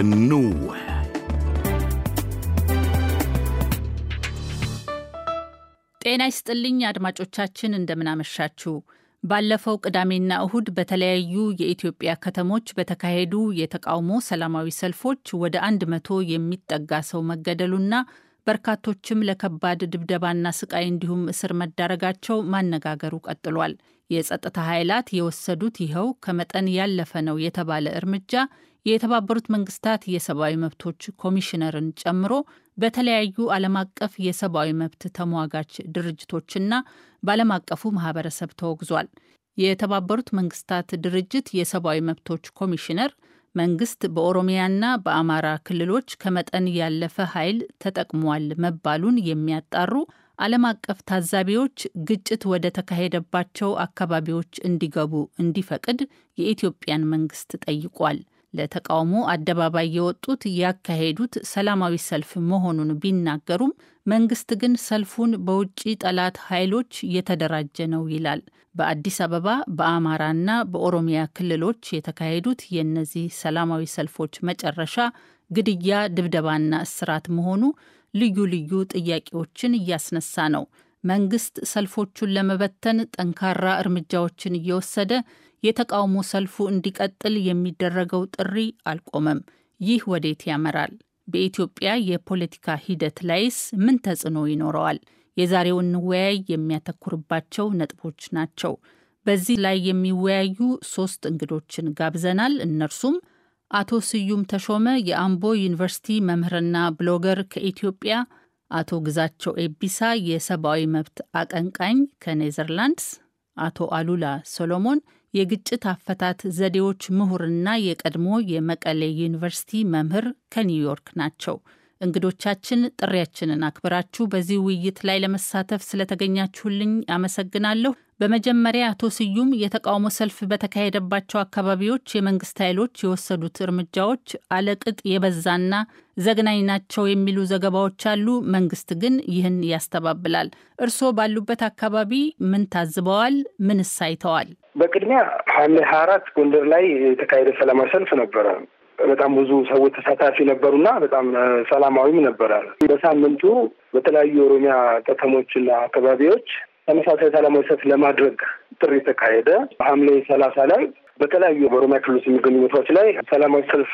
النوح ጤና ይስጥልኝ አድማጮቻችን፣ እንደምናመሻችሁ። ባለፈው ቅዳሜና እሁድ በተለያዩ የኢትዮጵያ ከተሞች በተካሄዱ የተቃውሞ ሰላማዊ ሰልፎች ወደ አንድ መቶ የሚጠጋ ሰው መገደሉና በርካቶችም ለከባድ ድብደባና ስቃይ እንዲሁም እስር መዳረጋቸው ማነጋገሩ ቀጥሏል። የጸጥታ ኃይላት የወሰዱት ይኸው ከመጠን ያለፈ ነው የተባለ እርምጃ የተባበሩት መንግስታት የሰብአዊ መብቶች ኮሚሽነርን ጨምሮ በተለያዩ ዓለም አቀፍ የሰብአዊ መብት ተሟጋች ድርጅቶችና በዓለም አቀፉ ማህበረሰብ ተወግዟል። የተባበሩት መንግስታት ድርጅት የሰብአዊ መብቶች ኮሚሽነር መንግስት በኦሮሚያና በአማራ ክልሎች ከመጠን ያለፈ ኃይል ተጠቅሟል መባሉን የሚያጣሩ ዓለም አቀፍ ታዛቢዎች ግጭት ወደ ተካሄደባቸው አካባቢዎች እንዲገቡ እንዲፈቅድ የኢትዮጵያን መንግስት ጠይቋል። ለተቃውሞ አደባባይ የወጡት ያካሄዱት ሰላማዊ ሰልፍ መሆኑን ቢናገሩም መንግስት ግን ሰልፉን በውጭ ጠላት ኃይሎች እየተደራጀ ነው ይላል። በአዲስ አበባ በአማራና በኦሮሚያ ክልሎች የተካሄዱት የእነዚህ ሰላማዊ ሰልፎች መጨረሻ ግድያ፣ ድብደባና እስራት መሆኑ ልዩ ልዩ ጥያቄዎችን እያስነሳ ነው። መንግስት ሰልፎቹን ለመበተን ጠንካራ እርምጃዎችን እየወሰደ የተቃውሞ ሰልፉ እንዲቀጥል የሚደረገው ጥሪ አልቆመም። ይህ ወዴት ያመራል? በኢትዮጵያ የፖለቲካ ሂደት ላይስ ምን ተጽዕኖ ይኖረዋል? የዛሬው እንወያይ የሚያተኩርባቸው ነጥቦች ናቸው። በዚህ ላይ የሚወያዩ ሶስት እንግዶችን ጋብዘናል። እነርሱም አቶ ስዩም ተሾመ የአምቦ ዩኒቨርሲቲ መምህርና ብሎገር ከኢትዮጵያ፣ አቶ ግዛቸው ኤቢሳ የሰብአዊ መብት አቀንቃኝ ከኔዘርላንድስ፣ አቶ አሉላ ሶሎሞን የግጭት አፈታት ዘዴዎች ምሁርና የቀድሞ የመቀሌ ዩኒቨርሲቲ መምህር ከኒውዮርክ ናቸው። እንግዶቻችን ጥሪያችንን አክብራችሁ በዚህ ውይይት ላይ ለመሳተፍ ስለተገኛችሁልኝ አመሰግናለሁ። በመጀመሪያ አቶ ስዩም የተቃውሞ ሰልፍ በተካሄደባቸው አካባቢዎች የመንግስት ኃይሎች የወሰዱት እርምጃዎች አለቅጥ የበዛና ዘግናኝ ናቸው የሚሉ ዘገባዎች አሉ። መንግስት ግን ይህን ያስተባብላል። እርስዎ ባሉበት አካባቢ ምን ታዝበዋል? ምንስ አይተዋል? በቅድሚያ ሐምሌ ሀያ አራት ጎንደር ላይ የተካሄደ ሰላማዊ ሰልፍ ነበረ። በጣም ብዙ ሰዎች ተሳታፊ ነበሩና በጣም ሰላማዊም ነበረ። በሳምንቱ በተለያዩ የኦሮሚያ ከተሞችና አካባቢዎች ተመሳሳይ ሰላማዊ ሰልፍ ለማድረግ ጥሪ ተካሄደ። ሐምሌ ሰላሳ ላይ በተለያዩ በኦሮሚያ ክልል ውስጥ የሚገኙ ቦታዎች ላይ ሰላማዊ ሰልፍ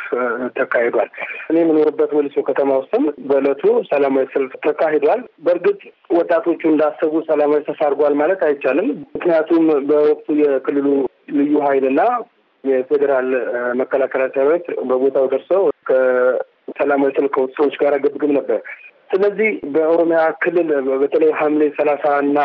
ተካሂዷል። እኔ የምኖርበት መልሶ ከተማ ውስጥም በእለቱ ሰላማዊ ሰልፍ ተካሂዷል። በእርግጥ ወጣቶቹ እንዳሰቡ ሰላማዊ ሰልፍ አድርጓል ማለት አይቻልም። ምክንያቱም በወቅቱ የክልሉ ልዩ ኃይልና የፌዴራል መከላከያ ሰራዊት በቦታው ደርሰው ከሰላማዊ ሰልፍ ሰዎች ጋር ግብግብ ነበር። ስለዚህ በኦሮሚያ ክልል በተለይ ሐምሌ ሰላሳ እና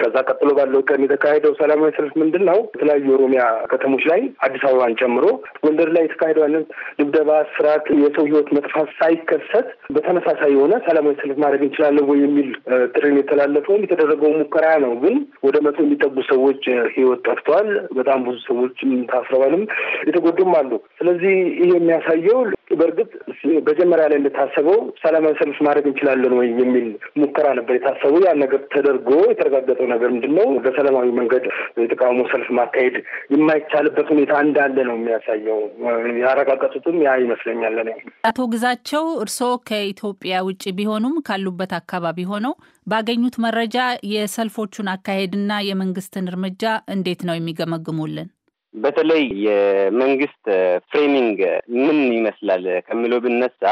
ከዛ ቀጥሎ ባለው ቀን የተካሄደው ሰላማዊ ሰልፍ ምንድን ነው? የተለያዩ የኦሮሚያ ከተሞች ላይ አዲስ አበባን ጨምሮ ጎንደር ላይ የተካሄደው አይነት ድብደባ፣ ስርዓት፣ የሰው ህይወት መጥፋት ሳይከሰት በተመሳሳይ የሆነ ሰላማዊ ሰልፍ ማድረግ እንችላለን ወይ የሚል ጥሪን የተላለፈው የተደረገው ሙከራ ነው። ግን ወደ መቶ የሚጠጉ ሰዎች ህይወት ጠፍተዋል። በጣም ብዙ ሰዎች ታስረዋልም፣ የተጎዱም አሉ። ስለዚህ ይህ የሚያሳየው በእርግጥ መጀመሪያ ላይ እንደታሰበው ሰላማዊ ሰልፍ ማድረግ እንችላለን ወይ የሚል ሙከራ ነበር የታሰበው። ያን ነገር ተደርጎ የተረጋገጠ ነገር ምንድን ነው በሰላማዊ መንገድ የተቃውሞ ሰልፍ ማካሄድ የማይቻልበት ሁኔታ እንዳለ ነው የሚያሳየው። ያረጋገጡትም ያ ይመስለኛል። አቶ ግዛቸው እርስዎ ከኢትዮጵያ ውጭ ቢሆኑም ካሉበት አካባቢ ሆነው ባገኙት መረጃ የሰልፎቹን አካሄድና የመንግስትን እርምጃ እንዴት ነው የሚገመግሙልን? በተለይ የመንግስት ፍሬሚንግ ምን ይመስላል ከሚለው ብነሳ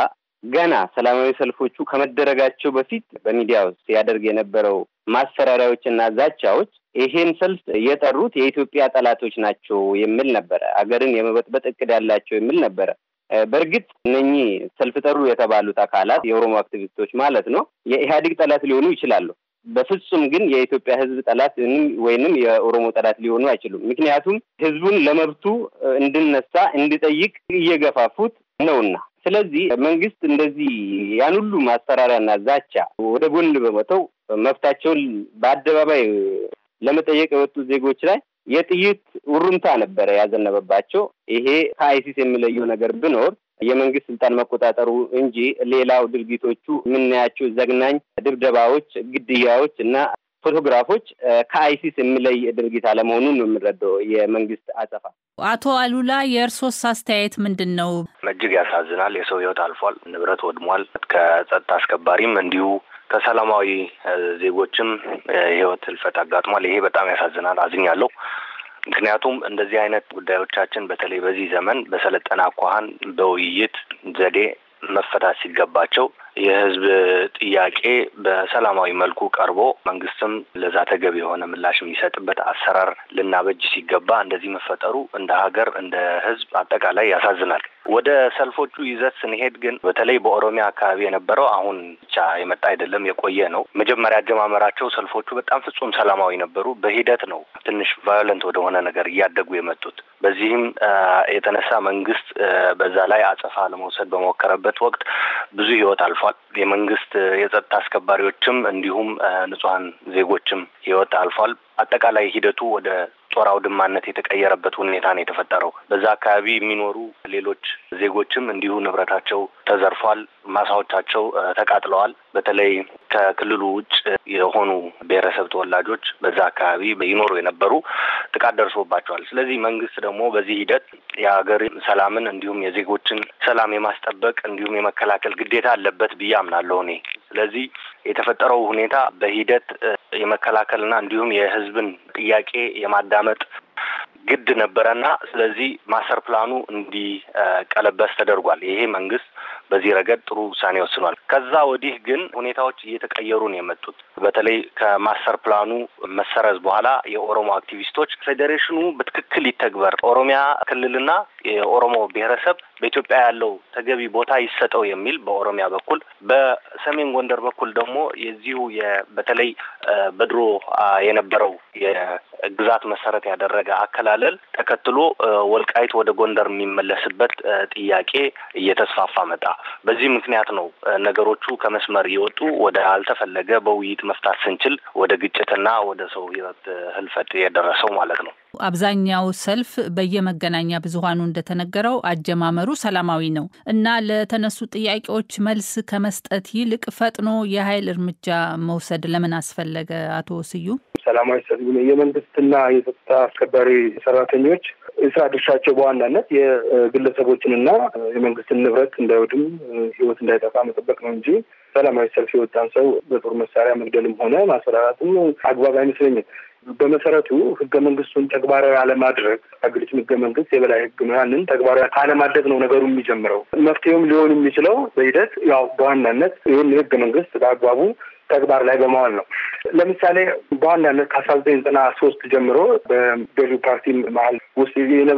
ገና ሰላማዊ ሰልፎቹ ከመደረጋቸው በፊት በሚዲያ ውስጥ ያደርግ የነበረው ማስፈራሪያዎችና ዛቻዎች ይሄን ሰልፍ የጠሩት የኢትዮጵያ ጠላቶች ናቸው የሚል ነበረ። አገርን የመበጥበጥ እቅድ ያላቸው የሚል ነበረ። በእርግጥ እነኚህ ሰልፍ ጠሩ የተባሉት አካላት የኦሮሞ አክቲቪስቶች ማለት ነው የኢህአዴግ ጠላት ሊሆኑ ይችላሉ። በፍጹም ግን የኢትዮጵያ ህዝብ ጠላት ወይንም የኦሮሞ ጠላት ሊሆኑ አይችሉም። ምክንያቱም ህዝቡን ለመብቱ እንድነሳ እንድጠይቅ እየገፋፉት ነውና ስለዚህ መንግስት እንደዚህ ያን ሁሉ ማስፈራሪያና ዛቻ ወደ ጎን በመተው መብታቸውን በአደባባይ ለመጠየቅ የወጡ ዜጎች ላይ የጥይት ውሩምታ ነበረ ያዘነበባቸው። ይሄ ከአይሲስ የሚለየው ነገር ብኖር የመንግስት ስልጣን መቆጣጠሩ እንጂ ሌላው ድርጊቶቹ የምናያቸው ዘግናኝ ድብደባዎች፣ ግድያዎች እና ፎቶግራፎች ከአይሲስ የምለይ ድርጊት አለመሆኑን ነው የምንረዳው የመንግስት አጸፋ። አቶ አሉላ የእርሶስ አስተያየት ምንድን ነው? እጅግ ያሳዝናል። የሰው ህይወት አልፏል፣ ንብረት ወድሟል። ከጸጥታ አስከባሪም እንዲሁ ከሰላማዊ ዜጎችም የህይወት ህልፈት አጋጥሟል። ይሄ በጣም ያሳዝናል፣ አዝኛለሁ። ምክንያቱም እንደዚህ አይነት ጉዳዮቻችን በተለይ በዚህ ዘመን በሰለጠነ አኳኋን በውይይት ዘዴ መፈታት ሲገባቸው የህዝብ ጥያቄ በሰላማዊ መልኩ ቀርቦ መንግስትም ለዛ ተገቢ የሆነ ምላሽ የሚሰጥበት አሰራር ልናበጅ ሲገባ እንደዚህ መፈጠሩ እንደ ሀገር፣ እንደ ህዝብ አጠቃላይ ያሳዝናል። ወደ ሰልፎቹ ይዘት ስንሄድ ግን በተለይ በኦሮሚያ አካባቢ የነበረው አሁን ብቻ የመጣ አይደለም፣ የቆየ ነው። መጀመሪያ አጀማመራቸው ሰልፎቹ በጣም ፍጹም ሰላማዊ ነበሩ። በሂደት ነው ትንሽ ቫዮለንት ወደሆነ ነገር እያደጉ የመጡት። በዚህም የተነሳ መንግስት በዛ ላይ አጸፋ ለመውሰድ በሞከረበት ወቅት ብዙ ህይወት አልፏል። አልፏል። የመንግስት የጸጥታ አስከባሪዎችም እንዲሁም ንጹሀን ዜጎችም ህይወት አልፏል። አጠቃላይ ሂደቱ ወደ ጦር አውድማነት የተቀየረበት ሁኔታ ነው የተፈጠረው። በዛ አካባቢ የሚኖሩ ሌሎች ዜጎችም እንዲሁ ንብረታቸው ተዘርፏል፣ ማሳዎቻቸው ተቃጥለዋል። በተለይ ከክልሉ ውጭ የሆኑ ብሔረሰብ ተወላጆች በዛ አካባቢ ይኖሩ የነበሩ ጥቃት ደርሶባቸዋል። ስለዚህ መንግስት ደግሞ በዚህ ሂደት የሀገር ሰላምን እንዲሁም የዜጎችን ሰላም የማስጠበቅ እንዲሁም የመከላከል ግዴታ አለበት ብዬ አምናለሁ እኔ። ስለዚህ የተፈጠረው ሁኔታ በሂደት የመከላከልና እንዲሁም የህዝብን ጥያቄ የማዳመጥ ግድ ነበረና ስለዚህ ማስተር ፕላኑ እንዲቀለበስ ተደርጓል። ይሄ መንግስት በዚህ ረገድ ጥሩ ውሳኔ ወስኗል። ከዛ ወዲህ ግን ሁኔታዎች እየተቀየሩ ነው የመጡት። በተለይ ከማስተር ፕላኑ መሰረዝ በኋላ የኦሮሞ አክቲቪስቶች ፌዴሬሽኑ በትክክል ይተግበር፣ ኦሮሚያ ክልልና የኦሮሞ ብሔረሰብ በኢትዮጵያ ያለው ተገቢ ቦታ ይሰጠው የሚል በኦሮሚያ በኩል በሰሜን ጎንደር በኩል ደግሞ የዚሁ በተለይ በድሮ የነበረው የግዛት መሰረት ያደረገ አከላለል ተከትሎ ወልቃይት ወደ ጎንደር የሚመለስበት ጥያቄ እየተስፋፋ መጣ። በዚህ ምክንያት ነው ነገሮቹ ከመስመር የወጡ ወደ አልተፈለገ በውይይት መፍታት ስንችል ወደ ግጭትና ወደ ሰው ህይወት ህልፈት የደረሰው ማለት ነው። አብዛኛው ሰልፍ በየመገናኛ ብዙሀኑ እንደተነገረው አጀማመሩ ሰላማዊ ነው እና ለተነሱ ጥያቄዎች መልስ ከመስጠት ይልቅ ፈጥኖ የኃይል እርምጃ መውሰድ ለምን አስፈለገ? አቶ ስዩም ሰላማዊ ሰልፍ የመንግስትና የጸጥታ አስከባሪ ሰራተኞች የስራ ድርሻቸው በዋናነት የግለሰቦችንና የመንግስትን ንብረት እንዳይወድም ህይወት እንዳይጠፋ መጠበቅ ነው እንጂ ሰላማዊ ሰልፍ የወጣን ሰው በጦር መሳሪያ መግደልም ሆነ ማስፈራራትም አግባብ አይመስለኝም። በመሰረቱ ህገ መንግስቱን ተግባራዊ አለማድረግ ሀገሪቱን ህገ መንግስት የበላይ ህግ ነው። ያንን ተግባራዊ ካለማድረግ ነው ነገሩ የሚጀምረው። መፍትሄውም ሊሆን የሚችለው በሂደት ያው በዋናነት ይህን የህገ መንግስት በአግባቡ ተግባር ላይ በመዋል ነው። ለምሳሌ በዋናነት ከአስራ ዘጠኝ ዘጠና ሶስት ጀምሮ በገዢው ፓርቲ መሀል ውስጥ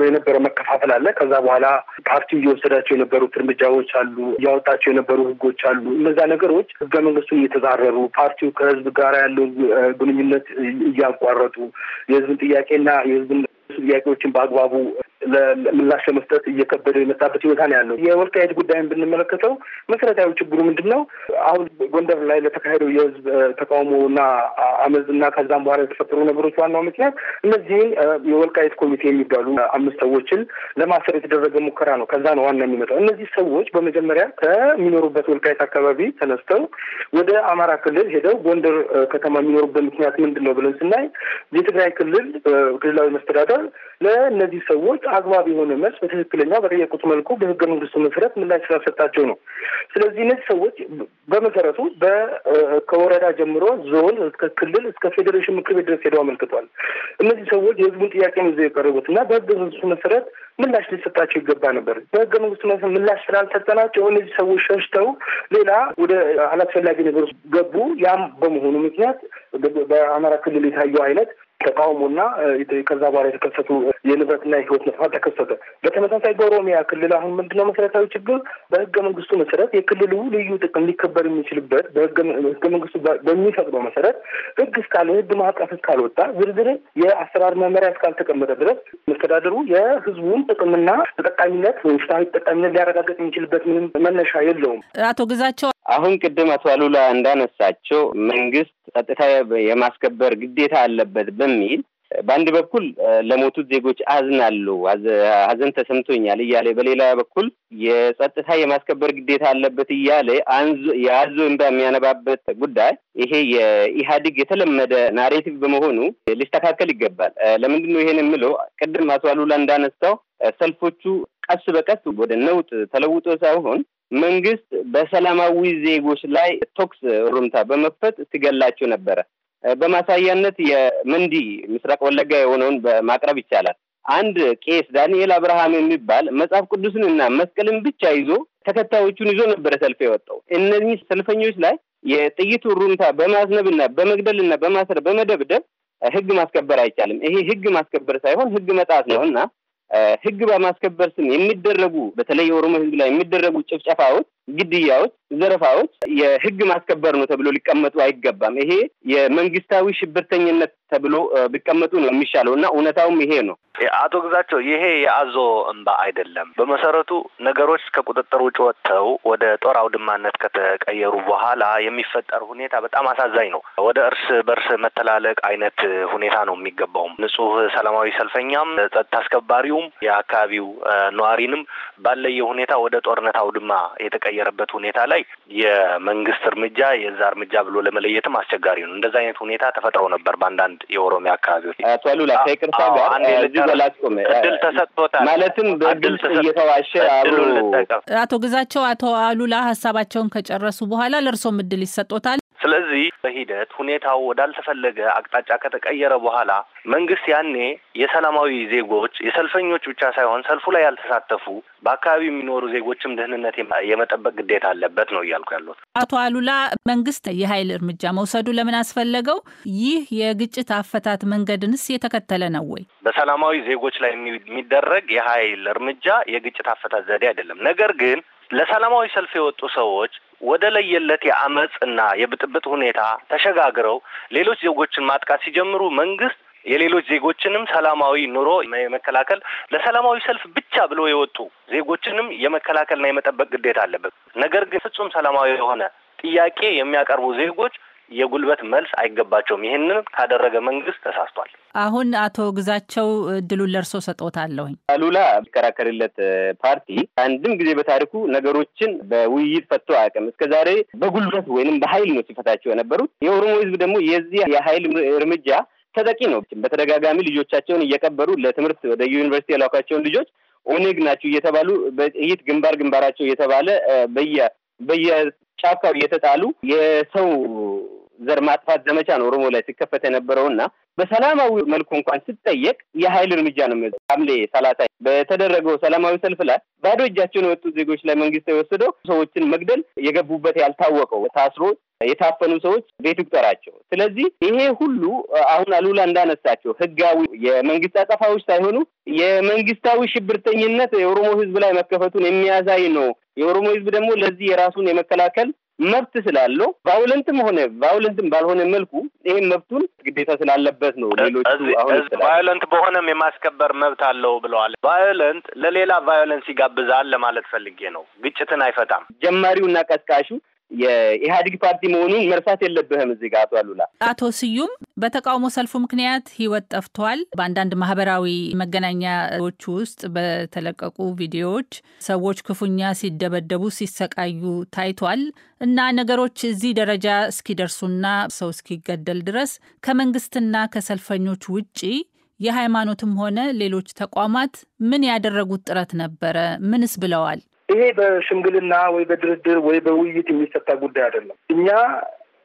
የነበረ መከፋፈል አለ። ከዛ በኋላ ፓርቲው እየወሰዳቸው የነበሩት እርምጃዎች አሉ፣ እያወጣቸው የነበሩ ህጎች አሉ። እነዛ ነገሮች ህገ መንግስቱን እየተዛረሩ ፓርቲው ከህዝብ ጋር ያለው ግንኙነት እያቋረጡ፣ የህዝብን ጥያቄና የህዝብን ጥያቄዎችን በአግባቡ ምላሽ ለመስጠት እየከበደ የመጣበት ሁኔታ ነው ያለው። የወልቃይት ጉዳይን ብንመለከተው መሰረታዊ ችግሩ ምንድን ነው? አሁን ጎንደር ላይ ለተካሄደው የህዝብ ተቃውሞና አመዝ እና ከዛም በኋላ የተፈጠሩ ነገሮች ዋናው ምክንያት እነዚህን የወልቃይት ኮሚቴ የሚባሉ አምስት ሰዎችን ለማሰር የተደረገ ሙከራ ነው። ከዛ ነው ዋና የሚመጣው። እነዚህ ሰዎች በመጀመሪያ ከሚኖሩበት ወልቃይት አካባቢ ተነስተው ወደ አማራ ክልል ሄደው ጎንደር ከተማ የሚኖሩበት ምክንያት ምንድን ነው ብለን ስናይ የትግራይ ክልል ክልላዊ መስተዳደር ቢሆን ለእነዚህ ሰዎች አግባብ የሆነ መልስ በትክክለኛ በጠየቁት መልኩ በህገ መንግስቱ መሰረት ምላሽ ስላሰጣቸው ነው። ስለዚህ እነዚህ ሰዎች በመሰረቱ ከወረዳ ጀምሮ ዞን እስከ ክልል እስከ ፌዴሬሽን ምክር ቤት ድረስ ሄደው አመልክቷል። እነዚህ ሰዎች የህዝቡን ጥያቄ ነው ይዘው የቀረቡት እና በህገ መንግስቱ መሰረት ምላሽ ሊሰጣቸው ይገባ ነበር። በህገ መንግስቱ መሰረት ምላሽ ስላልሰጠናቸው እነዚህ ሰዎች ሸሽተው ሌላ ወደ አላስፈላጊ ነገሮች ገቡ። ያም በመሆኑ ምክንያት በአማራ ክልል የታየው አይነት ተቃውሞና ከዛ በኋላ የተከሰቱ የንብረትና የህይወት መጥፋት ተከሰተ። በተመሳሳይ በኦሮሚያ ክልል አሁን ምንድነው መሰረታዊ ችግር? በህገ መንግስቱ መሰረት የክልሉ ልዩ ጥቅም ሊከበር የሚችልበት በህገ መንግስቱ በሚፈቅደው መሰረት ህግ እስካለ ህግ ማዕቀፍ እስካልወጣ ዝርዝር የአሰራር መመሪያ እስካልተቀመጠ ድረስ መስተዳደሩ የህዝቡን ጥቅምና ተጠቃሚነት ወይም ፍትሐዊ ተጠቃሚነት ሊያረጋገጥ የሚችልበት ምንም መነሻ የለውም። አቶ ግዛቸው አሁን ቅድም አቶ አሉላ እንዳነሳቸው መንግስት ጸጥታ የማስከበር ግዴታ አለበት በሚል በአንድ በኩል ለሞቱት ዜጎች አዝናሉ፣ ሀዘን ተሰምቶኛል እያለ በሌላ በኩል የጸጥታ የማስከበር ግዴታ አለበት እያለ የአዞ እንባ የሚያነባበት ጉዳይ ይሄ የኢህአዲግ የተለመደ ናሬቲቭ በመሆኑ ሊስተካከል ይገባል። ለምንድን ነው ይሄን የምለው? ቅድም አቶ አሉላ እንዳነሳው ሰልፎቹ ቀስ በቀስ ወደ ነውጥ ተለውጦ ሳይሆን መንግስት በሰላማዊ ዜጎች ላይ ቶክስ ሩምታ በመክፈት ትገላቸው ነበረ። በማሳያነት የመንዲ ምስራቅ ወለጋ የሆነውን በማቅረብ ይቻላል። አንድ ቄስ ዳንኤል አብርሃም የሚባል መጽሐፍ ቅዱስንና መስቀልን ብቻ ይዞ ተከታዮቹን ይዞ ነበረ ሰልፍ የወጣው። እነዚህ ሰልፈኞች ላይ የጥይቱ ሩምታ በማዝነብና በመግደልና በማሰር በመደብደብ ህግ ማስከበር አይቻልም። ይሄ ህግ ማስከበር ሳይሆን ህግ መጣት ነው እና ህግ በማስከበር ስም የሚደረጉ በተለይ የኦሮሞ ህዝብ ላይ የሚደረጉ ጭፍጨፋዎች ግድያዎች፣ ዘረፋዎች የህግ ማስከበር ነው ተብሎ ሊቀመጡ አይገባም። ይሄ የመንግስታዊ ሽብርተኝነት ተብሎ ቢቀመጡ ነው የሚሻለው እና እውነታውም ይሄ ነው። አቶ ግዛቸው፣ ይሄ የአዞ እንባ አይደለም። በመሰረቱ ነገሮች ከቁጥጥር ውጭ ወጥተው ወደ ጦር አውድማነት ከተቀየሩ በኋላ የሚፈጠር ሁኔታ በጣም አሳዛኝ ነው። ወደ እርስ በርስ መተላለቅ አይነት ሁኔታ ነው የሚገባውም። ንጹህ ሰላማዊ ሰልፈኛም ጸጥታ አስከባሪውም የአካባቢው ነዋሪንም ባለየ ሁኔታ ወደ ጦርነት አውድማ የተቀየ በተቀየረበት ሁኔታ ላይ የመንግስት እርምጃ የዛ እርምጃ ብሎ ለመለየትም አስቸጋሪ ነው። እንደዚ አይነት ሁኔታ ተፈጥሮ ነበር በአንዳንድ የኦሮሚያ አካባቢዎች። አቶ አሉላ ከይቅርታ ጋር እድል ተሰጥቶታል። ማለትም በግልጽ እየተዋሸ አብሮ አቶ ግዛቸው አቶ አሉላ ሀሳባቸውን ከጨረሱ በኋላ ለእርሶም እድል ይሰጦታል። ስለዚህ በሂደት ሁኔታው ወዳልተፈለገ አቅጣጫ ከተቀየረ በኋላ መንግስት ያኔ የሰላማዊ ዜጎች የሰልፈኞች ብቻ ሳይሆን ሰልፉ ላይ ያልተሳተፉ በአካባቢ የሚኖሩ ዜጎችም ደህንነት የመጠበቅ ግዴታ አለበት ነው እያልኩ ያሉት አቶ አሉላ። መንግስት የኃይል እርምጃ መውሰዱ ለምን አስፈለገው? ይህ የግጭት አፈታት መንገድንስ የተከተለ ነው ወይ? በሰላማዊ ዜጎች ላይ የሚደረግ የኃይል እርምጃ የግጭት አፈታት ዘዴ አይደለም። ነገር ግን ለሰላማዊ ሰልፍ የወጡ ሰዎች ወደ ለየለት እና የብጥብጥ ሁኔታ ተሸጋግረው ሌሎች ዜጎችን ማጥቃት ሲጀምሩ መንግስት የሌሎች ዜጎችንም ሰላማዊ ኑሮ የመከላከል ለሰላማዊ ሰልፍ ብቻ ብሎ የወጡ ዜጎችንም የመከላከልና የመጠበቅ ግዴታ አለበት። ነገር ግን ፍጹም ሰላማዊ የሆነ ጥያቄ የሚያቀርቡ ዜጎች የጉልበት መልስ አይገባቸውም። ይህንን ካደረገ መንግስት ተሳስቷል። አሁን አቶ ግዛቸው እድሉን ለእርሶ ሰጦታለሁኝ። አሉላ የሚከራከርለት ፓርቲ አንድም ጊዜ በታሪኩ ነገሮችን በውይይት ፈቶ አያውቅም። እስከ ዛሬ በጉልበት ወይንም በኃይል ነው ሲፈታቸው የነበሩት። የኦሮሞ ህዝብ ደግሞ የዚህ የኃይል እርምጃ ተጠቂ ነው። በተደጋጋሚ ልጆቻቸውን እየቀበሩ ለትምህርት ወደ ዩኒቨርሲቲ የላኳቸውን ልጆች ኦኔግ ናቸው እየተባሉ በጥይት ግንባር ግንባራቸው እየተባለ በየ በየጫካው እየተጣሉ የሰው ዘር ማጥፋት ዘመቻ ነው ኦሮሞ ላይ ሲከፈት የነበረው እና በሰላማዊ መልኩ እንኳን ስጠየቅ የሀይል እርምጃ ነው። ሐምሌ ሰላሳ በተደረገው ሰላማዊ ሰልፍ ላይ ባዶ እጃቸውን የወጡ ዜጎች ላይ መንግስት የወሰደው ሰዎችን መግደል የገቡበት ያልታወቀው ታስሮ የታፈኑ ሰዎች ቤት ይቁጠራቸው። ስለዚህ ይሄ ሁሉ አሁን አሉላ እንዳነሳቸው ህጋዊ የመንግስት አጠፋዎች ሳይሆኑ የመንግስታዊ ሽብርተኝነት የኦሮሞ ህዝብ ላይ መከፈቱን የሚያሳይ ነው። የኦሮሞ ህዝብ ደግሞ ለዚህ የራሱን የመከላከል መብት ስላለው ቫዮለንትም ሆነ ቫዮለንትም ባልሆነ መልኩ ይሄን መብቱን ግዴታ ስላለበት ነው። ሌሎቹ አሁን ቫዮለንት በሆነም የማስከበር መብት አለው ብለዋል። ቫዮለንት ለሌላ ቫዮለንስ ይጋብዛል ለማለት ፈልጌ ነው። ግጭትን አይፈታም። ጀማሪውና ቀስቃሹ የኢህአዴግ ፓርቲ መሆኑን መርሳት የለብህም። እዚህ ጋር አቶ አሉላ አቶ ስዩም በተቃውሞ ሰልፉ ምክንያት ህይወት ጠፍቷል። በአንዳንድ ማህበራዊ መገናኛዎች ውስጥ በተለቀቁ ቪዲዮዎች ሰዎች ክፉኛ ሲደበደቡ፣ ሲሰቃዩ ታይቷል እና ነገሮች እዚህ ደረጃ እስኪደርሱና ሰው እስኪገደል ድረስ ከመንግስትና ከሰልፈኞች ውጪ የሃይማኖትም ሆነ ሌሎች ተቋማት ምን ያደረጉት ጥረት ነበረ? ምንስ ብለዋል? ይሄ በሽምግልና ወይ በድርድር ወይ በውይይት የሚፈታ ጉዳይ አይደለም። እኛ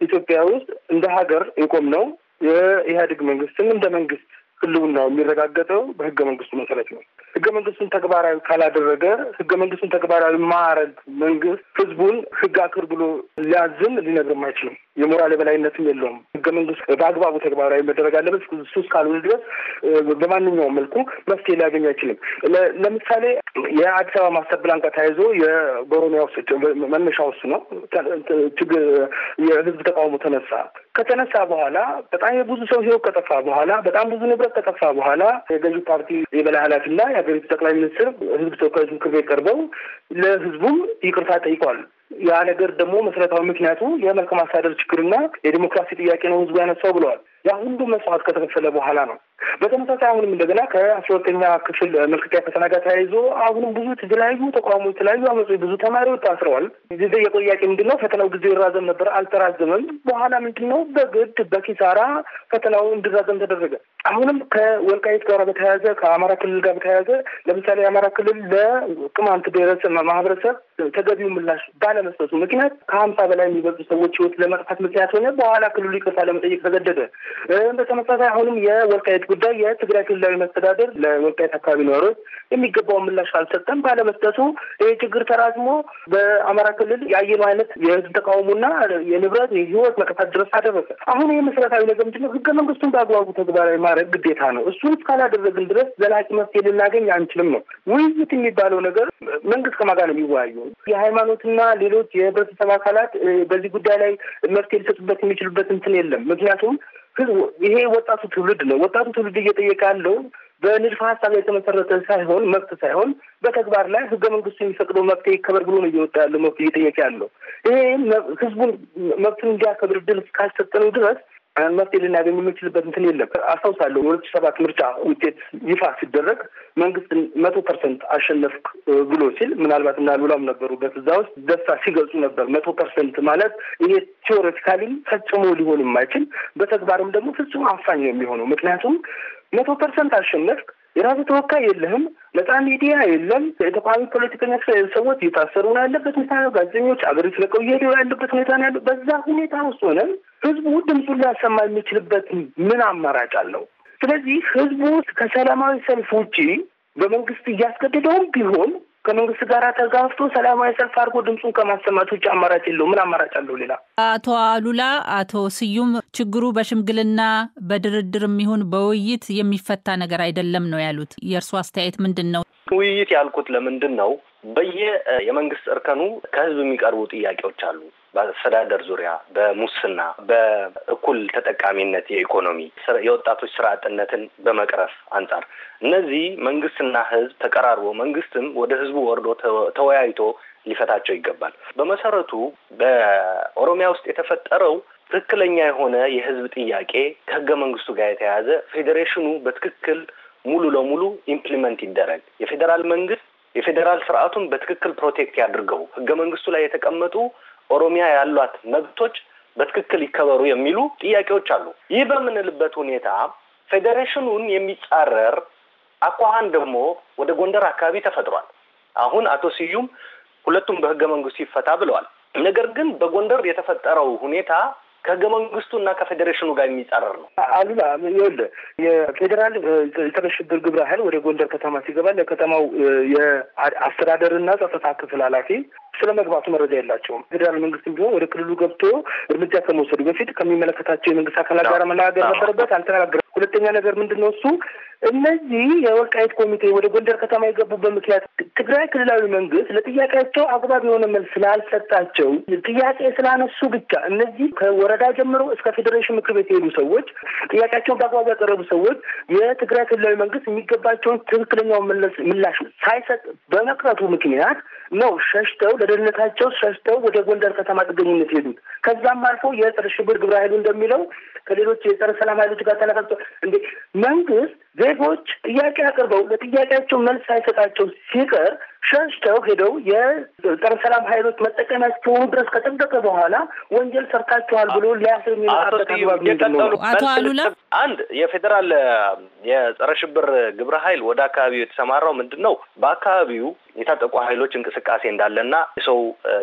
ኢትዮጵያ ውስጥ እንደ ሀገር የቆምነው የኢህአዴግ መንግስትን እንደ መንግስት ህልውናው የሚረጋገጠው በህገ መንግስቱ መሰረት ነው። ህገ መንግስቱን ተግባራዊ ካላደረገ ህገ መንግስቱን ተግባራዊ ማረግ መንግስት ህዝቡን ህግ አክብር ብሎ ሊያዝን ሊነግርም አይችልም። የሞራል የበላይነትም የለውም። ህገ መንግስት በአግባቡ ተግባራዊ መደረግ አለበት። እሱ እስካልሆነ ድረስ በማንኛውም መልኩ መፍትሄ ሊያገኝ አይችልም። ለምሳሌ የአዲስ አበባ ማስተር ፕላን ጋር ተያይዞ የኦሮሚያ ውስጥ መነሻ ውስጥ ነው ችግር የህዝብ ተቃውሞ ተነሳ። ከተነሳ በኋላ በጣም የብዙ ሰው ህይወት ከጠፋ በኋላ በጣም ብዙ ንብረት ከጠፋ በኋላ የገዢ ፓርቲ የበላይ ኃላፊና የሀገሪቱ ጠቅላይ ሚኒስትር ህዝብ ተወካዮች ምክር ቤት ቀርበው ለህዝቡም ይቅርታ ጠይቋል። ያ ነገር ደግሞ መሰረታዊ ምክንያቱ የመልካም አስተዳደር ችግርና የዲሞክራሲ ጥያቄ ነው ህዝቡ ያነሳው ብለዋል። ያ ሁሉ መስዋዕት ከተከፈለ በኋላ ነው። በተመሳሳይ አሁንም እንደገና ከአስራ ሁለተኛ ክፍል መልቀቂያ ፈተና ጋር ተያይዞ አሁንም ብዙ የተለያዩ ተቋሞች፣ የተለያዩ አመፅ ብዙ ተማሪዎች ታስረዋል። የጠየቀው የቆያቄ ምንድን ነው? ፈተናው ጊዜ ይራዘም ነበር፣ አልተራዘመም። በኋላ ምንድን ነው በግድ በኪሳራ ፈተናው እንዲራዘም ተደረገ። አሁንም ከወልቃይት ጋር በተያያዘ ከአማራ ክልል ጋር በተያያዘ ለምሳሌ የአማራ ክልል ለቅማንት ብሔረሰብ ማህበረሰብ ተገቢው ምላሽ ባለመስጠቱ ምክንያት ከሀምሳ በላይ የሚበዙ ሰዎች ህይወት ለመጥፋት ምክንያት ሆነ። በኋላ ክልሉ ይቅርታ ለመጠየቅ ተገደደ። በተመሳሳይ አሁንም የወልቃየት ጉዳይ የትግራይ ክልላዊ መስተዳደር ለወልቃየት አካባቢ ነዋሪዎች የሚገባውን ምላሽ አልሰጠም። ባለመስጠቱ ይህ ችግር ተራዝሞ በአማራ ክልል ያየነው አይነት የህዝብ ተቃውሞና የንብረት የህይወት መቀፋት ድረስ አደረሰ። አሁን ይህ መሰረታዊ ነገር ምንድን ነው? ህገ መንግስቱን በአግባቡ ተግባራዊ ማድረግ ግዴታ ነው። እሱን እስካላደረግን ድረስ ዘላቂ መፍትሄ ልናገኝ አንችልም ነው። ውይይት የሚባለው ነገር መንግስት ከማጋ ነው የሚወያዩ? የሃይማኖትና ሌሎች የህብረተሰብ አካላት በዚህ ጉዳይ ላይ መፍትሄ ሊሰጡበት የሚችሉበት እንትን የለም። ምክንያቱም ህዝቡ ይሄ ወጣቱ ትውልድ ነው። ወጣቱ ትውልድ እየጠየቀ ያለው በንድፈ ሀሳብ ላይ የተመሰረተ ሳይሆን መብት ሳይሆን በተግባር ላይ ህገ መንግስቱ የሚፈቅደው መብት ይከበር ብሎ ነው እየወጣ ያለው መብት እየጠየቀ ያለው። ይሄ ህዝቡን መብትን እንዲያከብር ድል እስካልሰጠነው ድረስ መፍትሄ ልናገኝ የምንችልበት እንትን የለም። አስታውሳለሁ የሁለት ሺህ ሰባት ምርጫ ውጤት ይፋ ሲደረግ መንግስትን መቶ ፐርሰንት አሸነፍክ ብሎ ሲል ምናልባት እና ሉላም ነበሩበት እዛ ውስጥ ደስታ ሲገልጹ ነበር። መቶ ፐርሰንት ማለት ይሄ ቴዎሬቲካሊም ፈጽሞ ሊሆን የማይችል በተግባርም ደግሞ ፍጹም አፋኝ የሚሆነው ምክንያቱም መቶ ፐርሰንት አሸነፍክ የራሱ ተወካይ የለህም። ነጻ ሚዲያ የለም። የተቃዋሚ ፖለቲከኛ ሰዎች እየታሰሩ ነው ያለበት ሁኔታ ነው። ጋዜጠኞች አገሪቱ ለቀው እየሄዱ ያለበት ሁኔታ ነው ያለው። በዛ ሁኔታ ውስጥ ሆነን ህዝቡ ድምፁን ሊያሰማ የሚችልበት ምን አማራጭ አለው? ስለዚህ ህዝቡ ከሰላማዊ ሰልፍ ውጪ በመንግስት እያስገደደውም ቢሆን ከመንግስት ጋር ተጋፍቶ ሰላማዊ ሰልፍ አድርጎ ድምፁን ከማሰማት ውጭ አማራጭ የለው። ምን አማራጭ አለው ሌላ? አቶ አሉላ፣ አቶ ስዩም ችግሩ በሽምግልና በድርድር የሚሆን በውይይት የሚፈታ ነገር አይደለም ነው ያሉት። የእርሱ አስተያየት ምንድን ነው? ውይይት ያልኩት ለምንድን ነው? በየ የመንግስት እርከኑ ከህዝብ የሚቀርቡ ጥያቄዎች አሉ። በአስተዳደር ዙሪያ፣ በሙስና፣ በእኩል ተጠቃሚነት፣ የኢኮኖሚ የወጣቶች ስራ አጥነትን በመቅረፍ አንጻር እነዚህ መንግስትና ህዝብ ተቀራርቦ መንግስትም ወደ ህዝቡ ወርዶ ተወያይቶ ሊፈታቸው ይገባል። በመሰረቱ በኦሮሚያ ውስጥ የተፈጠረው ትክክለኛ የሆነ የህዝብ ጥያቄ ከህገ መንግስቱ ጋር የተያያዘ ፌዴሬሽኑ በትክክል ሙሉ ለሙሉ ኢምፕሊመንት ይደረግ። የፌዴራል መንግስት የፌዴራል ስርዓቱን በትክክል ፕሮቴክት ያድርገው። ህገ መንግስቱ ላይ የተቀመጡ ኦሮሚያ ያሏት መብቶች በትክክል ይከበሩ የሚሉ ጥያቄዎች አሉ። ይህ በምንልበት ሁኔታ ፌዴሬሽኑን የሚጻረር አኳኋን ደግሞ ወደ ጎንደር አካባቢ ተፈጥሯል። አሁን አቶ ስዩም ሁለቱም በህገ መንግስቱ ይፈታ ብለዋል። ነገር ግን በጎንደር የተፈጠረው ሁኔታ ከህገ መንግስቱ እና ከፌዴሬሽኑ ጋር የሚጻረር ነው። አሉላ ይኸውልህ የፌዴራል ጸረ ሽብር ግብረ ኃይል ወደ ጎንደር ከተማ ሲገባ ለከተማው የአስተዳደርና ጸጥታ ክፍል ኃላፊ ስለ መግባቱ መረጃ የላቸውም። ፌዴራል መንግስትም ቢሆን ወደ ክልሉ ገብቶ እርምጃ ከመውሰዱ በፊት ከሚመለከታቸው የመንግስት አካላት ጋር መነጋገር ነበረበት። አልተነጋገረ ሁለተኛ ነገር ምንድን ነው እሱ እነዚህ የወልቃይት ኮሚቴ ወደ ጎንደር ከተማ የገቡበት ምክንያት ትግራይ ክልላዊ መንግስት ለጥያቄያቸው አግባብ የሆነ መልስ ስላልሰጣቸው ጥያቄ ስላነሱ ብቻ እነዚህ ከወረዳ ጀምሮ እስከ ፌዴሬሽን ምክር ቤት የሄዱ ሰዎች ጥያቄያቸውን በአግባብ ያቀረቡ ሰዎች የትግራይ ክልላዊ መንግስት የሚገባቸውን ትክክለኛውን መለስ ምላሽ ሳይሰጥ በመቅረቱ ምክንያት ነው ሸሽተው ለደህንነታቸው ሸሽተው ወደ ጎንደር ከተማ ጥገኝነት ሄዱት። ከዛም አልፎ የጸረ ሽብር ግብረ ኃይሉ እንደሚለው ከሌሎች የጸረ ሰላም ኃይሎች ጋር ተነሳስቶ እንዴ መንግስት ዜጎች ጥያቄ አቅርበው ለጥያቄያቸው መልስ ሳይሰጣቸው ሲቀር ሸሽተው ሄደው የጸረ ሰላም ኃይሎች መጠቀሚያ ድረስ ከጠበቀ በኋላ ወንጀል ሰርታችኋል ብሎ ሊያሰው አሉላ አንድ የፌዴራል የጸረ ሽብር ግብረ ኃይል ወደ አካባቢው የተሰማራው ምንድን ነው? በአካባቢው የታጠቁ ኃይሎች እንቅስቃሴ እንዳለና የሰው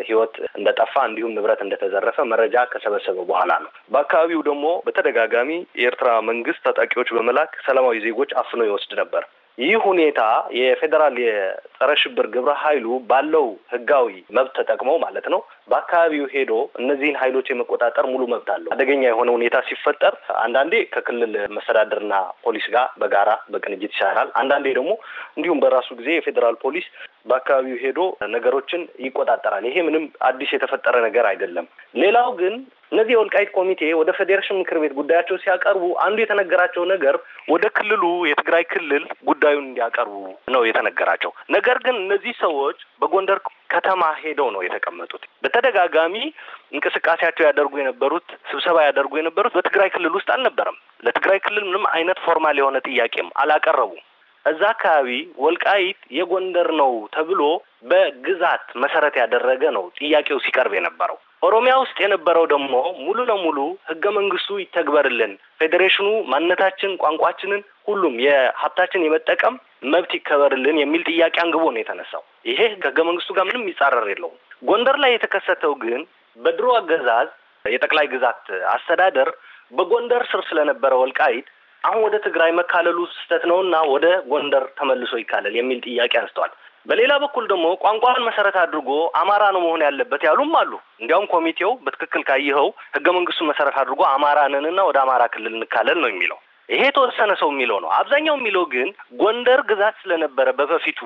ህይወት እንደጠፋ እንዲሁም ንብረት እንደተዘረፈ መረጃ ከሰበሰበ በኋላ ነው። በአካባቢው ደግሞ በተደጋጋሚ የኤርትራ መንግስት ታጣቂዎች በመላክ ሰላማዊ ዜጎች አፍኖ ይወስድ ነበር። ይህ ሁኔታ የፌዴራል የጸረ ሽብር ግብረ ኃይሉ ባለው ህጋዊ መብት ተጠቅሞ ማለት ነው በአካባቢው ሄዶ እነዚህን ኃይሎች የመቆጣጠር ሙሉ መብት አለው። አደገኛ የሆነ ሁኔታ ሲፈጠር አንዳንዴ ከክልል መስተዳድርና ፖሊስ ጋር በጋራ በቅንጅት ይሰራል። አንዳንዴ ደግሞ እንዲሁም በራሱ ጊዜ የፌዴራል ፖሊስ በአካባቢው ሄዶ ነገሮችን ይቆጣጠራል። ይሄ ምንም አዲስ የተፈጠረ ነገር አይደለም። ሌላው ግን እነዚህ የወልቃይት ኮሚቴ ወደ ፌዴሬሽን ምክር ቤት ጉዳያቸው ሲያቀርቡ አንዱ የተነገራቸው ነገር ወደ ክልሉ የትግራይ ክልል ጉዳዩን እንዲያቀርቡ ነው የተነገራቸው። ነገር ግን እነዚህ ሰዎች በጎንደር ከተማ ሄደው ነው የተቀመጡት። በተደጋጋሚ እንቅስቃሴያቸው ያደርጉ የነበሩት ስብሰባ ያደርጉ የነበሩት በትግራይ ክልል ውስጥ አልነበረም። ለትግራይ ክልል ምንም አይነት ፎርማል የሆነ ጥያቄም አላቀረቡም። እዛ አካባቢ ወልቃይት የጎንደር ነው ተብሎ በግዛት መሰረት ያደረገ ነው ጥያቄው ሲቀርብ የነበረው። ኦሮሚያ ውስጥ የነበረው ደግሞ ሙሉ ለሙሉ ህገ መንግስቱ ይተግበርልን፣ ፌዴሬሽኑ ማንነታችን፣ ቋንቋችንን፣ ሁሉም የሀብታችን የመጠቀም መብት ይከበርልን የሚል ጥያቄ አንግቦ ነው የተነሳው። ይሄ ከህገ መንግስቱ ጋር ምንም ይጻረር የለውም። ጎንደር ላይ የተከሰተው ግን በድሮ አገዛዝ የጠቅላይ ግዛት አስተዳደር በጎንደር ስር ስለነበረ ወልቃይት አሁን ወደ ትግራይ መካለሉ ስህተት ነው እና ወደ ጎንደር ተመልሶ ይካለል የሚል ጥያቄ አንስተዋል። በሌላ በኩል ደግሞ ቋንቋን መሰረት አድርጎ አማራ ነው መሆን ያለበት ያሉም አሉ። እንዲያውም ኮሚቴው በትክክል ካየኸው ህገ መንግስቱን መሰረት አድርጎ አማራንንና ወደ አማራ ክልል እንካለል ነው የሚለው። ይሄ የተወሰነ ሰው የሚለው ነው። አብዛኛው የሚለው ግን ጎንደር ግዛት ስለነበረ በበፊቱ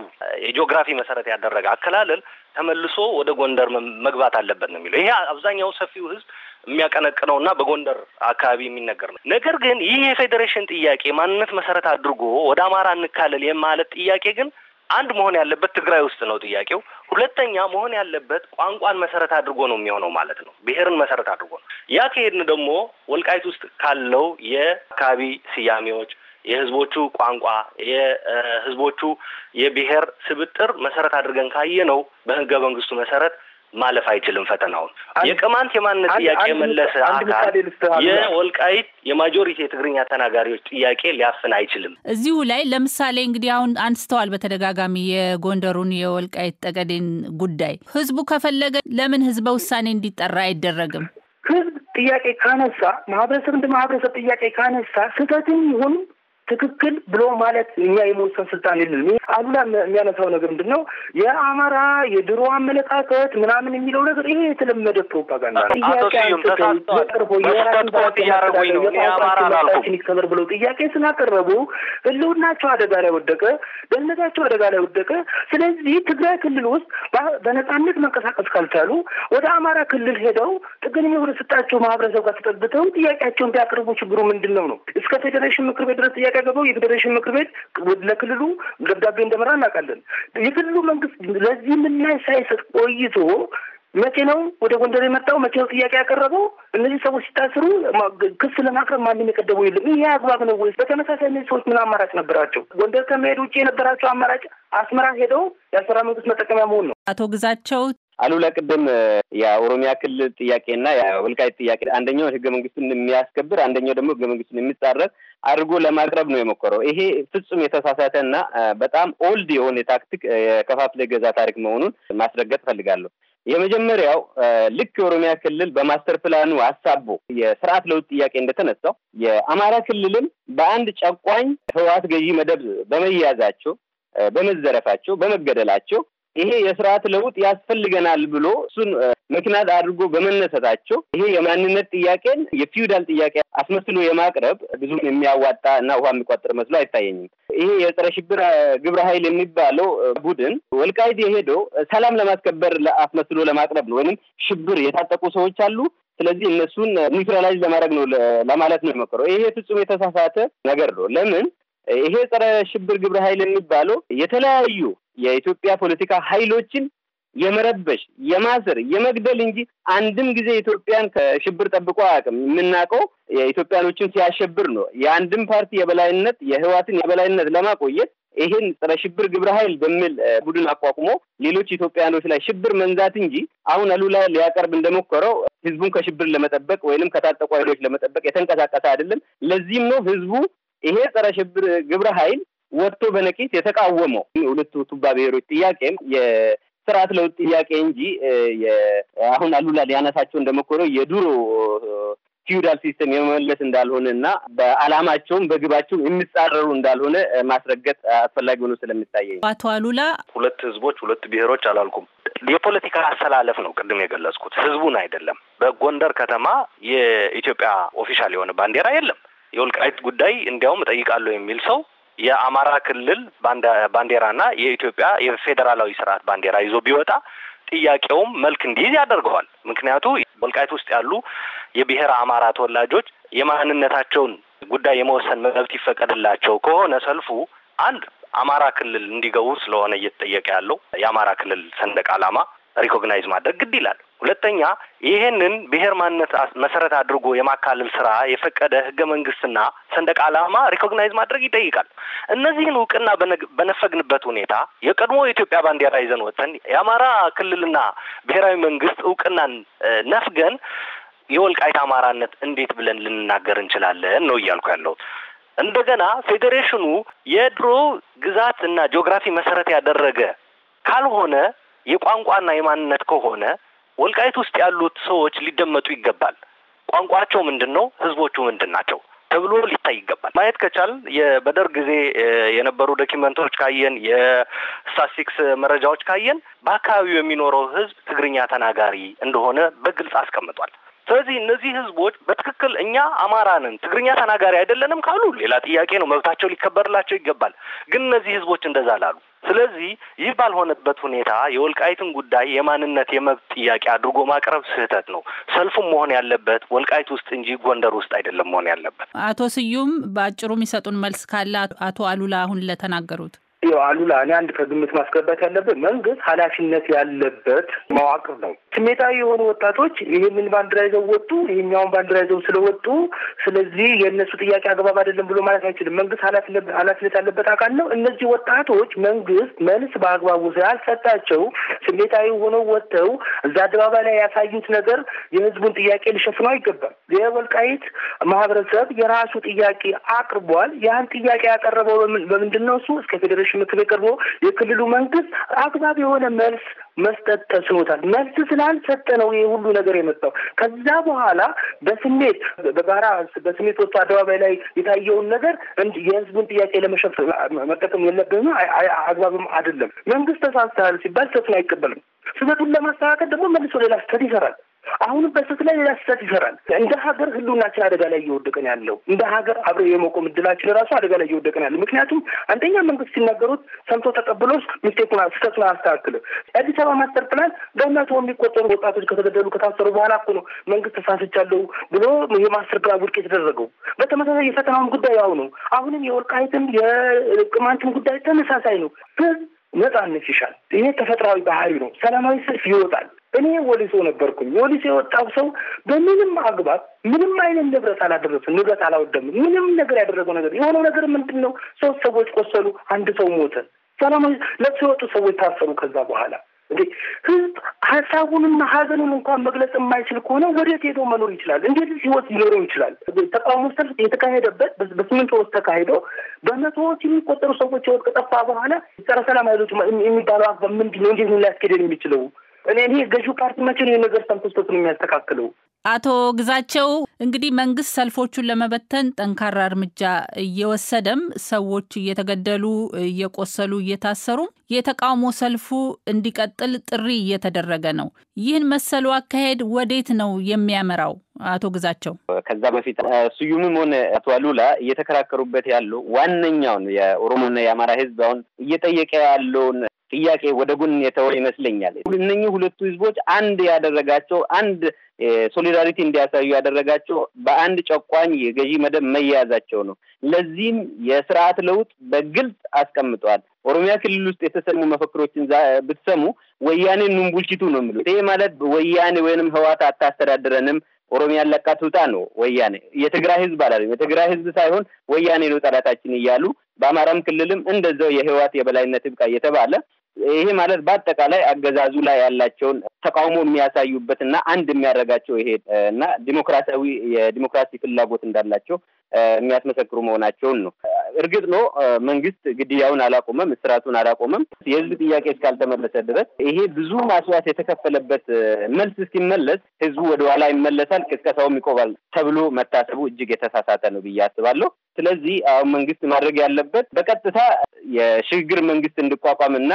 የጂኦግራፊ መሰረት ያደረገ አከላለል ተመልሶ ወደ ጎንደር መግባት አለበት ነው የሚለው። ይሄ አብዛኛው ሰፊው ህዝብ። የሚያቀነቅነው እና በጎንደር አካባቢ የሚነገር ነው። ነገር ግን ይህ የፌዴሬሽን ጥያቄ ማንነት መሰረት አድርጎ ወደ አማራ እንካለል የማለት ጥያቄ ግን አንድ መሆን ያለበት ትግራይ ውስጥ ነው ጥያቄው። ሁለተኛ መሆን ያለበት ቋንቋን መሰረት አድርጎ ነው የሚሆነው ማለት ነው፣ ብሔርን መሰረት አድርጎ ነው። ያ ከሄድን ደግሞ ወልቃይት ውስጥ ካለው የአካባቢ ስያሜዎች የህዝቦቹ ቋንቋ የህዝቦቹ የብሔር ስብጥር መሰረት አድርገን ካየ ነው በህገ መንግስቱ መሰረት ማለፍ አይችልም ፈተናውን። የቅማንት የማንነት ጥያቄ የመለሰ አካል የወልቃይት የማጆሪቲ የትግርኛ ተናጋሪዎች ጥያቄ ሊያፍን አይችልም። እዚሁ ላይ ለምሳሌ እንግዲህ አሁን አንስተዋል በተደጋጋሚ የጎንደሩን የወልቃይት ጠገዴን ጉዳይ ህዝቡ ከፈለገ ለምን ህዝበ ውሳኔ እንዲጠራ አይደረግም? ህዝብ ጥያቄ ካነሳ ማህበረሰብ እንደ ማህበረሰብ ጥያቄ ካነሳ ስህተትም ይሁን ትክክል ብሎ ማለት እኛ የመወሰን ስልጣን የለንም። አሉላ የሚያነሳው ነገር ምንድን ነው? የአማራ የድሮ አመለካከት ምናምን የሚለው ነገር ይሄ የተለመደ ፕሮፓጋንዳ ነው። ብለው ጥያቄ ስላቀረቡ ህልውናቸው አደጋ ላይ ወደቀ፣ ደህንነታቸው አደጋ ላይ ወደቀ። ስለዚህ ትግራይ ክልል ውስጥ በነጻነት መንቀሳቀስ ካልቻሉ ወደ አማራ ክልል ሄደው ጥቅም የሆነ ስጣቸው ማህበረሰብ ጋር ተጠብተው ጥያቄያቸውን ቢያቀርቡ ችግሩ ምንድን ነው ነው እስከ ፌዴሬሽን ምክር ቤት ድረስ ጥያቄ የሚያገባው የፌዴሬሽን ምክር ቤት ለክልሉ ደብዳቤ እንደመራ እናውቃለን። የክልሉ መንግስት ለዚህ ምላሽ ሳይሰጥ ቆይቶ መቼ ነው ወደ ጎንደር የመጣው? መቼ ነው ጥያቄ ያቀረበው? እነዚህ ሰዎች ሲታስሩ ክስ ለማቅረብ ማንም የቀደበው የለም። ይህ አግባብ ነው ወይስ? በተመሳሳይ እነዚህ ሰዎች ምን አማራጭ ነበራቸው? ጎንደር ከመሄድ ውጭ የነበራቸው አማራጭ አስመራ ሄደው የአስመራ መንግስት መጠቀሚያ መሆን ነው። አቶ ግዛቸው አሉላ ቅድም የኦሮሚያ ክልል ጥያቄና የወልቃይት ጥያቄ አንደኛው ህገ መንግስቱን የሚያስከብር አንደኛው ደግሞ ህገ መንግስቱን የሚጻረር አድርጎ ለማቅረብ ነው የሞከረው። ይሄ ፍጹም የተሳሳተና በጣም ኦልድ የሆነ የታክቲክ የከፋፍለ ገዛ ታሪክ መሆኑን ማስረገጥ እፈልጋለሁ። የመጀመሪያው ልክ የኦሮሚያ ክልል በማስተር ፕላኑ አሳቦ የስርዓት ለውጥ ጥያቄ እንደተነሳው የአማራ ክልልም በአንድ ጨቋኝ ህዋት ገዢ መደብ በመያዛቸው፣ በመዘረፋቸው፣ በመገደላቸው ይሄ የስርዓት ለውጥ ያስፈልገናል ብሎ እሱን ምክንያት አድርጎ በመነሳታቸው ይሄ የማንነት ጥያቄን የፊውዳል ጥያቄ አስመስሎ የማቅረብ ብዙም የሚያዋጣ እና ውሃ የሚቋጥር መስሎ አይታየኝም። ይሄ የጸረ ሽብር ግብረ ኃይል የሚባለው ቡድን ወልቃይት የሄደው ሰላም ለማስከበር አስመስሎ ለማቅረብ ነው፣ ወይም ሽብር የታጠቁ ሰዎች አሉ ስለዚህ እነሱን ኒውትራላይዝ ለማድረግ ነው ለማለት ነው የሞከረው። ይሄ ፍጹም የተሳሳተ ነገር ነው። ለምን ይሄ ጸረ ሽብር ግብረ ኃይል የሚባለው የተለያዩ የኢትዮጵያ ፖለቲካ ኃይሎችን የመረበሽ የማሰር የመግደል እንጂ አንድም ጊዜ ኢትዮጵያን ከሽብር ጠብቆ አያውቅም። የምናውቀው የኢትዮጵያኖችን ሲያሸብር ነው። የአንድም ፓርቲ የበላይነት የህዋትን የበላይነት ለማቆየት ይሄን ጸረ ሽብር ግብረ ኃይል በሚል ቡድን አቋቁሞ ሌሎች ኢትዮጵያኖች ላይ ሽብር መንዛት እንጂ አሁን አሉላ ሊያቀርብ እንደሞከረው ህዝቡን ከሽብር ለመጠበቅ ወይንም ከታጠቁ ኃይሎች ለመጠበቅ የተንቀሳቀሰ አይደለም። ለዚህም ነው ህዝቡ ይሄ ጸረ ሽብር ግብረ ኃይል ወጥቶ በነቂት የተቃወመው ሁለቱ ቱባ ብሔሮች ጥያቄም የስርዓት ለውጥ ጥያቄ እንጂ አሁን አሉላ ሊያነሳቸው እንደሞከረው የዱሮ ፊውዳል ሲስተም የመመለስ እንዳልሆነ እና በአላማቸውም በግባቸውም የሚጻረሩ እንዳልሆነ ማስረገጥ አስፈላጊ ሆኖ ስለሚታየኝ አቶ አሉላ ሁለት ህዝቦች፣ ሁለት ብሔሮች አላልኩም። የፖለቲካ አሰላለፍ ነው ቅድም የገለጽኩት ህዝቡን አይደለም። በጎንደር ከተማ የኢትዮጵያ ኦፊሻል የሆነ ባንዲራ የለም። የወልቃይት ጉዳይ እንዲያውም እጠይቃለሁ የሚል ሰው የአማራ ክልል ባንዲራና የኢትዮጵያ የፌዴራላዊ ስርዓት ባንዲራ ይዞ ቢወጣ ጥያቄውም መልክ እንዲይዝ ያደርገዋል። ምክንያቱ ወልቃይት ውስጥ ያሉ የብሔረ አማራ ተወላጆች የማንነታቸውን ጉዳይ የመወሰን መብት ይፈቀድላቸው ከሆነ ሰልፉ አንድ አማራ ክልል እንዲገቡ ስለሆነ እየተጠየቀ ያለው የአማራ ክልል ሰንደቅ ዓላማ ሪኮግናይዝ ማድረግ ግድ ይላል። ሁለተኛ ይሄንን ብሔር ማንነት መሰረት አድርጎ የማካለል ስራ የፈቀደ ህገ መንግስትና ሰንደቅ ዓላማ ሪኮግናይዝ ማድረግ ይጠይቃል። እነዚህን እውቅና በነፈግንበት ሁኔታ የቀድሞ የኢትዮጵያ ባንዲራ ይዘን ወጥተን የአማራ ክልልና ብሔራዊ መንግስት እውቅናን ነፍገን የወልቃይት አማራነት እንዴት ብለን ልንናገር እንችላለን ነው እያልኩ ያለሁት። እንደገና ፌዴሬሽኑ የድሮ ግዛት እና ጂኦግራፊ መሰረት ያደረገ ካልሆነ የቋንቋና የማንነት ከሆነ ወልቃይት ውስጥ ያሉት ሰዎች ሊደመጡ ይገባል። ቋንቋቸው ምንድን ነው? ህዝቦቹ ምንድን ናቸው? ተብሎ ሊታይ ይገባል። ማየት ከቻል በደርግ ጊዜ የነበሩ ዶኪመንቶች ካየን፣ የስታሲክስ መረጃዎች ካየን በአካባቢው የሚኖረው ህዝብ ትግርኛ ተናጋሪ እንደሆነ በግልጽ አስቀምጧል። ስለዚህ እነዚህ ህዝቦች በትክክል እኛ አማራ ነን ትግርኛ ተናጋሪ አይደለንም ካሉ ሌላ ጥያቄ ነው፣ መብታቸው ሊከበርላቸው ይገባል። ግን እነዚህ ህዝቦች እንደዛ ላሉ ስለዚህ ይህ ባልሆነበት ሁኔታ የወልቃይትን ጉዳይ የማንነት የመብት ጥያቄ አድርጎ ማቅረብ ስህተት ነው። ሰልፉም መሆን ያለበት ወልቃይት ውስጥ እንጂ ጎንደር ውስጥ አይደለም መሆን ያለበት። አቶ ስዩም በአጭሩ የሚሰጡን መልስ ካለ አቶ አሉላ አሁን ለተናገሩት ይኸው አሉላ እኔ አንድ ከግምት ማስገባት ያለበት መንግስት ኃላፊነት ያለበት መዋቅር ነው። ስሜታዊ የሆኑ ወጣቶች ይህንን ባንዲራ ይዘው ወጡ፣ ይህኛውን ባንዲራ ይዘው ስለወጡ ስለዚህ የእነሱ ጥያቄ አግባብ አይደለም ብሎ ማለት አይችልም። መንግስት ኃላፊነት ያለበት አካል ነው። እነዚህ ወጣቶች መንግስት መልስ በአግባቡ ስላልሰጣቸው ስሜታዊ ሆነው ወጥተው እዛ አደባባይ ላይ ያሳዩት ነገር የህዝቡን ጥያቄ ሊሸፍኑ አይገባም። የወልቃይት ማህበረሰብ የራሱ ጥያቄ አቅርቧል። ያን ጥያቄ ያቀረበው በምንድን ነው? እሱ እስከ ፌዴሬሽን ምክር ቀርቦ የክልሉ መንግስት አግባብ የሆነ መልስ መስጠት ተስኖታል። መልስ ስላልሰጠ ነው ይህ ሁሉ ነገር የመጣው። ከዛ በኋላ በስሜት በጋራ በስሜት ወጥቶ አደባባይ ላይ የታየውን ነገር የህዝቡን ጥያቄ ለመሸፍ መጠቀም የለብህም፣ አግባብም አይደለም። መንግስት ተሳስተሃል ሲባል ስህተቱን አይቀበልም። ስህተቱን ለማስተካከል ደግሞ መልሶ ሌላ ስህተት ይሰራል። አሁንም በስት ላይ ሌላ ስህተት ይሰራል። እንደ ሀገር ህልውናችን አደጋ ላይ እየወደቀን ያለው እንደ ሀገር አብረ የመቆም እድላችን ራሱ አደጋ ላይ እየወደቀን ያለው ምክንያቱም አንደኛ መንግስት ሲናገሩት ሰምቶ ተቀብሎ ሚስቴኩን ስህተቱን አስተካክል የአዲስ አበባ ማስተር ፕላን በእናቶ የሚቆጠሩ ወጣቶች ከተገደሉ ከታሰሩ በኋላ እኮ ነው መንግስት ተሳስቻለሁ ብሎ የማስተር ፕላን ውድቅ የተደረገው። በተመሳሳይ የፈተናውን ጉዳይ ያው ነው። አሁንም የወልቃይትም የቅማንትም ጉዳይ ተመሳሳይ ነው። ነጻነት ይሻል። ይሄ ተፈጥሯዊ ባህሪ ነው። ሰላማዊ ሰልፍ ይወጣል። እኔ ወሊሶ ነበርኩኝ። ወሊሶ የወጣው ሰው በምንም አግባብ ምንም አይነት ንብረት አላደረሱም፣ ንብረት አላወደም ምንም ነገር ያደረገው ነገር የሆነው ነገር ምንድን ነው? ሶስት ሰዎች ቆሰሉ፣ አንድ ሰው ሞተ። ሰላማዊ ለብሶ የወጡ ሰዎች ታሰሩ። ከዛ በኋላ እንዴ ህዝብ ሀሳቡንና ሀዘኑን እንኳን መግለጽ የማይችል ከሆነ ወዴት ሄዶ መኖር ይችላል? እንዴት ህይወት ሊኖረው ይችላል? ተቃውሞ ሰልፍ የተካሄደበት በስምንት ወስ ተካሂዶ በመቶዎች የሚቆጠሩ ሰዎች ህይወት ከጠፋ በኋላ ጸረ ሰላም ኃይሎች የሚባለው ምንድን ነው? እንዴት ሊያስኬደን የሚችለው እኔ እኔ ገዢው ፓርቲ መቼ ነው የነገር ሰምተስቶት ነው የሚያስተካክለው? አቶ ግዛቸው እንግዲህ መንግስት ሰልፎቹን ለመበተን ጠንካራ እርምጃ እየወሰደም ሰዎች እየተገደሉ እየቆሰሉ እየታሰሩም የተቃውሞ ሰልፉ እንዲቀጥል ጥሪ እየተደረገ ነው። ይህን መሰሉ አካሄድ ወዴት ነው የሚያመራው? አቶ ግዛቸው ከዛ በፊት ስዩምም ሆነ አቶ አሉላ እየተከራከሩበት ያለው ዋነኛውን የኦሮሞና የአማራ ህዝብ አሁን እየጠየቀ ያለውን ጥያቄ ወደ ጎን የተወ ይመስለኛል። እነኚህ ሁለቱ ህዝቦች አንድ ያደረጋቸው አንድ ሶሊዳሪቲ እንዲያሳዩ ያደረጋቸው በአንድ ጨቋኝ የገዢ መደብ መያያዛቸው ነው። ለዚህም የስርዓት ለውጥ በግልጽ አስቀምጠዋል። ኦሮሚያ ክልል ውስጥ የተሰሙ መፈክሮችን ብትሰሙ ወያኔ ኑምቡልችቱ ነው የሚሉት። ይሄ ማለት ወያኔ ወይንም ህዋት አታስተዳድረንም ኦሮሚያን ለቃ ትውጣ ነው ወያኔ። የትግራይ ህዝብ አላለም። የትግራይ ህዝብ ሳይሆን ወያኔ ነው ጠላታችን እያሉ በአማራም ክልልም እንደዛው የህወሓት የበላይነት ይብቃ እየተባለ ይሄ ማለት በአጠቃላይ አገዛዙ ላይ ያላቸውን ተቃውሞ የሚያሳዩበት እና አንድ የሚያደርጋቸው ይሄ እና ዲሞክራሲያዊ የዲሞክራሲ ፍላጎት እንዳላቸው የሚያስመሰክሩ መሆናቸውን ነው። እርግጥ ነው መንግስት ግድያውን አላቆመም፣ እስራቱን አላቆመም። የህዝብ ጥያቄ እስካልተመለሰ ድረስ ይሄ ብዙ ማስዋዕት የተከፈለበት መልስ እስኪመለስ ህዝቡ ወደኋላ ይመለሳል፣ ቅስቀሳውም ይቆባል ተብሎ መታሰቡ እጅግ የተሳሳተ ነው ብዬ አስባለሁ። ስለዚህ አሁን መንግስት ማድረግ ያለበት በቀጥታ የሽግግር መንግስት እንዲቋቋምና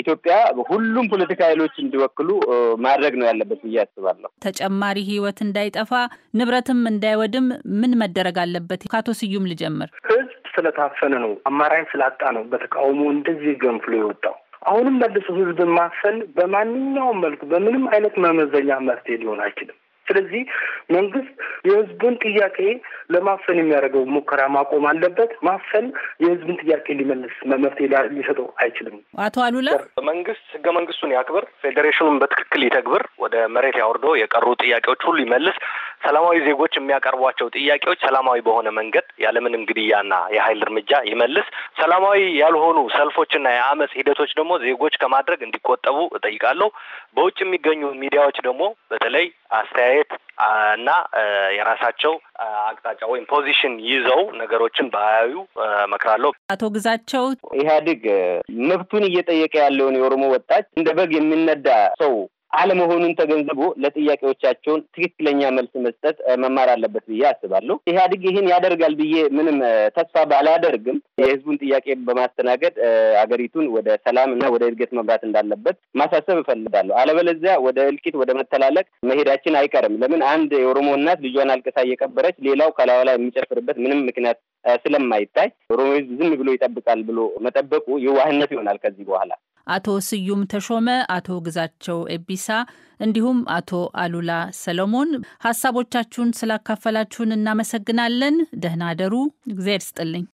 ኢትዮጵያ ሁሉም ፖለቲካ ኃይሎች እንዲወክሉ ማድረግ ነው ያለበት ብዬ አስባለሁ። ተጨማሪ ህይወት እንዳይጠፋ ንብረትም እንዳይወድም ምን መደረግ አለበት? ከአቶ ስዩም ልጀምር። ህዝብ ስለታፈነ ነው፣ አማራጭ ስላጣ ነው በተቃውሞ እንደዚህ ገንፍሎ የወጣው። አሁንም መልሶ ህዝብን ማፈን በማንኛውም መልኩ በምንም አይነት መመዘኛ መፍትሄ ሊሆን አይችልም። ስለዚህ መንግስት የህዝቡን ጥያቄ ለማፈን የሚያደርገው ሙከራ ማቆም አለበት። ማፈን የህዝብን ጥያቄ ሊመልስ መፍትሄ ሊሰጠው አይችልም። አቶ አሉላ መንግስት ህገ መንግስቱን ያክብር፣ ፌዴሬሽኑን በትክክል ይተግብር፣ ወደ መሬት ያወርዶ፣ የቀሩ ጥያቄዎች ሁሉ ይመልስ። ሰላማዊ ዜጎች የሚያቀርቧቸው ጥያቄዎች ሰላማዊ በሆነ መንገድ ያለምንም ግድያና የሀይል እርምጃ ይመልስ። ሰላማዊ ያልሆኑ ሰልፎችና የአመፅ ሂደቶች ደግሞ ዜጎች ከማድረግ እንዲቆጠቡ እጠይቃለሁ። በውጭ የሚገኙ ሚዲያዎች ደግሞ በተለይ አስተያየት ማየት እና የራሳቸው አቅጣጫ ወይም ፖዚሽን ይዘው ነገሮችን በአያዩ መክራለሁ። አቶ ግዛቸው ኢህአዴግ መብቱን እየጠየቀ ያለውን የኦሮሞ ወጣት እንደ በግ የሚነዳ ሰው አለመሆኑን ተገንዝቦ ለጥያቄዎቻቸውን ትክክለኛ መልስ መስጠት መማር አለበት ብዬ አስባለሁ። ኢህአዲግ ይህን ያደርጋል ብዬ ምንም ተስፋ ባላደርግም የህዝቡን ጥያቄ በማስተናገድ አገሪቱን ወደ ሰላም እና ወደ እድገት መምራት እንዳለበት ማሳሰብ እፈልጋለሁ። አለበለዚያ ወደ እልቂት፣ ወደ መተላለቅ መሄዳችን አይቀርም። ለምን አንድ የኦሮሞ እናት ልጇን አልቅሳ እየቀበረች ሌላው ከላዩ ላይ የሚጨፍርበት ምንም ምክንያት ስለማይታይ ኦሮሞ ህዝብ ዝም ብሎ ይጠብቃል ብሎ መጠበቁ የዋህነት ይሆናል ከዚህ በኋላ። አቶ ስዩም ተሾመ፣ አቶ ግዛቸው ኤቢሳ እንዲሁም አቶ አሉላ ሰለሞን ሀሳቦቻችሁን ስላካፈላችሁን እናመሰግናለን። ደህና ደሩ እግዜር ይስጥልኝ።